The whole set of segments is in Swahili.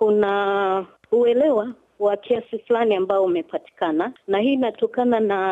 kuna uelewa wa kiasi fulani ambao umepatikana, na hii inatokana na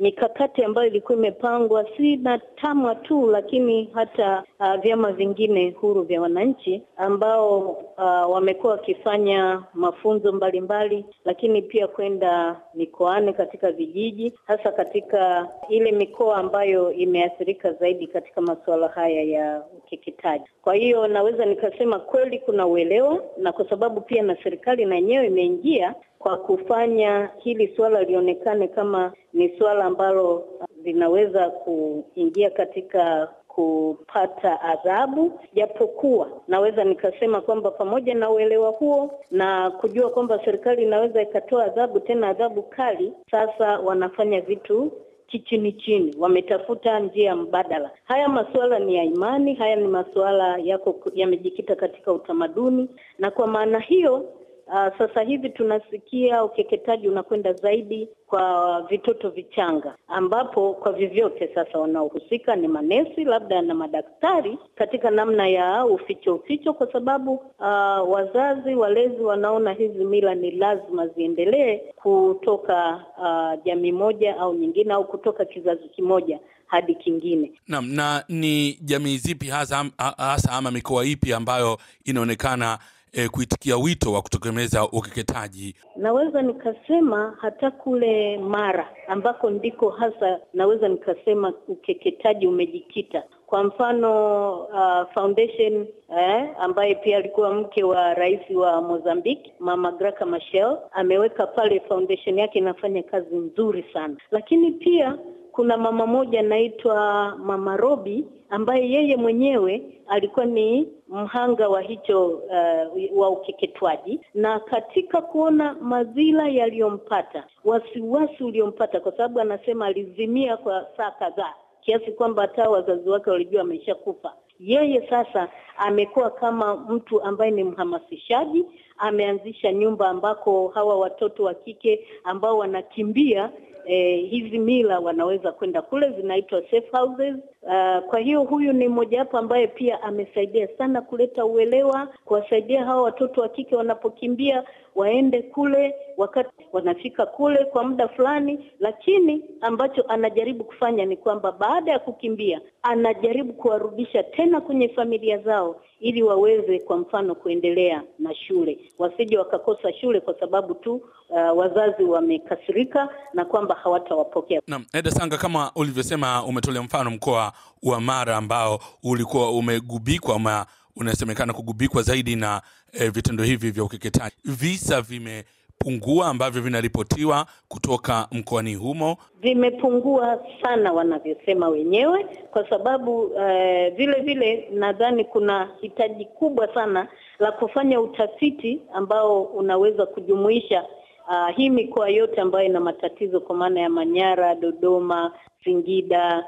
mikakati ambayo ilikuwa imepangwa si na TAMWA tu, lakini hata uh, vyama vingine huru vya wananchi ambao uh, wamekuwa wakifanya mafunzo mbalimbali mbali, lakini pia kwenda mikoani katika vijiji, hasa katika ile mikoa ambayo imeathirika zaidi katika masuala haya ya ukeketaji. Kwa hiyo naweza nikasema kweli kuna uelewa, na kwa sababu pia na serikali na yenyewe imeingia kwa kufanya hili suala lionekane kama ni suala ambalo uh, linaweza kuingia katika kupata adhabu, japokuwa naweza nikasema kwamba pamoja na uelewa huo na kujua kwamba serikali inaweza ikatoa adhabu, tena adhabu kali, sasa wanafanya vitu kichini chini, wametafuta njia mbadala. Haya masuala ni ya imani, haya ni masuala yako yamejikita katika utamaduni, na kwa maana hiyo Uh, sasa hivi tunasikia ukeketaji unakwenda zaidi kwa vitoto vichanga, ambapo kwa vyovyote sasa wanaohusika ni manesi labda na madaktari katika namna ya uficho uficho, kwa sababu uh, wazazi walezi wanaona hizi mila ni lazima ziendelee kutoka uh, jamii moja au nyingine au kutoka kizazi kimoja hadi kingine. Naam, na ni jamii zipi hasa hasa ama mikoa ipi ambayo inaonekana e, kuitikia wito wa kutokomeza ukeketaji? Naweza nikasema hata kule Mara ambako ndiko hasa naweza nikasema ukeketaji umejikita. Kwa mfano uh, foundation eh, ambaye pia alikuwa mke wa rais wa Mozambique Mama Graca Machel ameweka pale foundation yake, inafanya kazi nzuri sana, lakini pia kuna mama moja anaitwa Mama Robi ambaye yeye mwenyewe alikuwa ni mhanga wa hicho uh, wa ukeketwaji, na katika kuona madhila yaliyompata, wasiwasi uliompata, kwa sababu anasema alizimia kwa saa kadhaa, kiasi kwamba hata wazazi wake walijua ameshakufa. Yeye sasa amekuwa kama mtu ambaye ni mhamasishaji, ameanzisha nyumba ambako hawa watoto wa kike ambao wanakimbia eh, hizi mila wanaweza kwenda kule, zinaitwa safe houses. Uh, kwa hiyo huyu ni mmoja wapo ambaye pia amesaidia sana kuleta uelewa, kuwasaidia hawa watoto wa kike wanapokimbia waende kule, wakati wanafika kule kwa muda fulani, lakini ambacho anajaribu kufanya ni kwamba baada ya kukimbia anajaribu kuwarudisha tena kwenye familia zao, ili waweze kwa mfano kuendelea na shule, wasije wakakosa shule kwa sababu tu uh, wazazi wamekasirika na kwamba hawatawapokea. Naam, Eda Sanga, kama ulivyosema, umetolea mfano mkoa wa Mara ambao ulikuwa umegubikwa ma unasemekana kugubikwa zaidi na e, vitendo hivi vya ukeketaji. Visa vimepungua ambavyo vinaripotiwa kutoka mkoani humo, vimepungua sana wanavyosema wenyewe, kwa sababu e, vile vile nadhani kuna hitaji kubwa sana la kufanya utafiti ambao unaweza kujumuisha Uh, hii mikoa yote ambayo ina matatizo kwa maana ya Manyara, Dodoma, Singida,